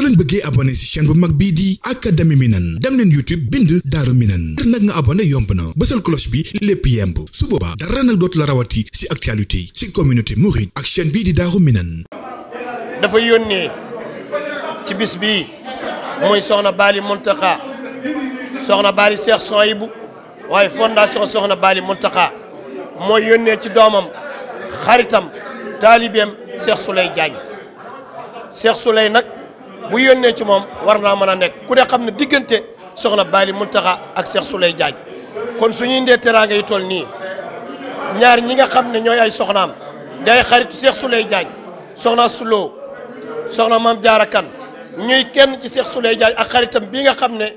soo bëggee abonné ci chaîne bu mag bii di académie Minane dem leen YouTube bind Daaru Minane ngir nag nga abonné yomb na bësal cloche bi lépp yemb su boobaa dara nag dootu la rawati ci actualité ci communauté mouride ak chaîne bii di Daaru Minane dafa yónnee ci bis bi mooy soxna Baali Mountakha soxna Baali Cheikh Soyibu waaye fondation soxna Baali Mountakha mooy yónnee ci doomam xaritam taalibeem nag bu yónnee ci moom war naa mën a nekk ku ne xam ne diggante soxna Bali Muntaxa ak Cheikh Souley jaaj kon suñuy ndee teraanga yi toll nii ñaar ñi nga xam ne ñooy ay soxnaam day xaritu Cheikh Souley Diagne soxna Sulo soxna Maam Jaara Kan ñuy kenn ci Cheikh Souley Diagne ak xaritam bii nga xam ne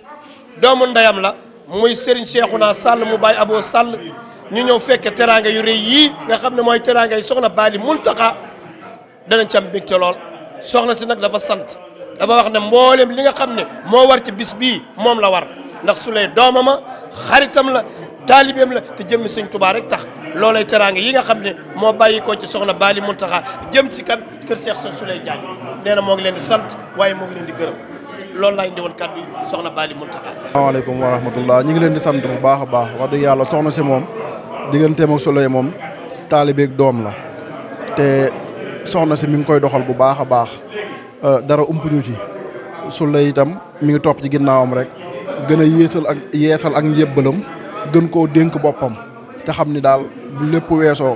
doomu ndeyam la muy Serigne naa Sall mu baay aboo Sall ñu ñëw fekke teraanga yu rëy yii nga xam ne mooy teraanga yi soxna Bali Muntaxa danañ ci am mbégte lool soxna si nag dafa sant dafa wax ne mboolem li nga xam ne moo war ci bis bii moom la war ndax su lay doomama xaritam la taalibeem la te jëmmi sëñ Tuubaa rek tax loolay teraanga yi nga xam ne moo bàyyi ko ci soxna Baali Muntaxa jëm si kan kër Seex sa su lay jaaj na moo ngi leen di sant waaye moo ngi leen di gërëm loolu laa indi woon kàddu yi soxna Baali Muntaxa asalaamaaleykum wa rahmatullah ñu ngi leen di sant bu baax a baax wax dëgg yàlla soxna si moom digganteem ak Souleye moom taalibeeg doom la te soxna si mi ngi koy doxal bu baax a baax Euh, dara umpuñu ci su lay itam mi ngi topp ci ginnaawam rek gën a yeesal ak yeesal ak njébbalam gën koo dénk boppam te xam ni daal bu lépp weesoo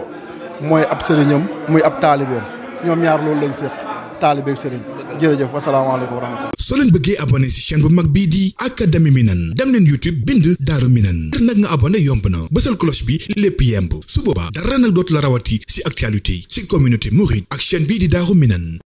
mooy ab sëriñam muy ab taalibeem ñoom ñaar loolu lañ séq taalibeeg sëriñ jërëjëf wasalaamaaleykum wa rahmatulah. soo leen bëggee abonné ci chaîne bu mag bii di académie Minane dem leen YouTube bind Daaru Minane ngir nag nga abonné yomb na bësal cloche bi lépp yemb su boobaa dara nag dootu la rawati ci actualité ci communauté mouride ak chaîne bii di Daaru Minane.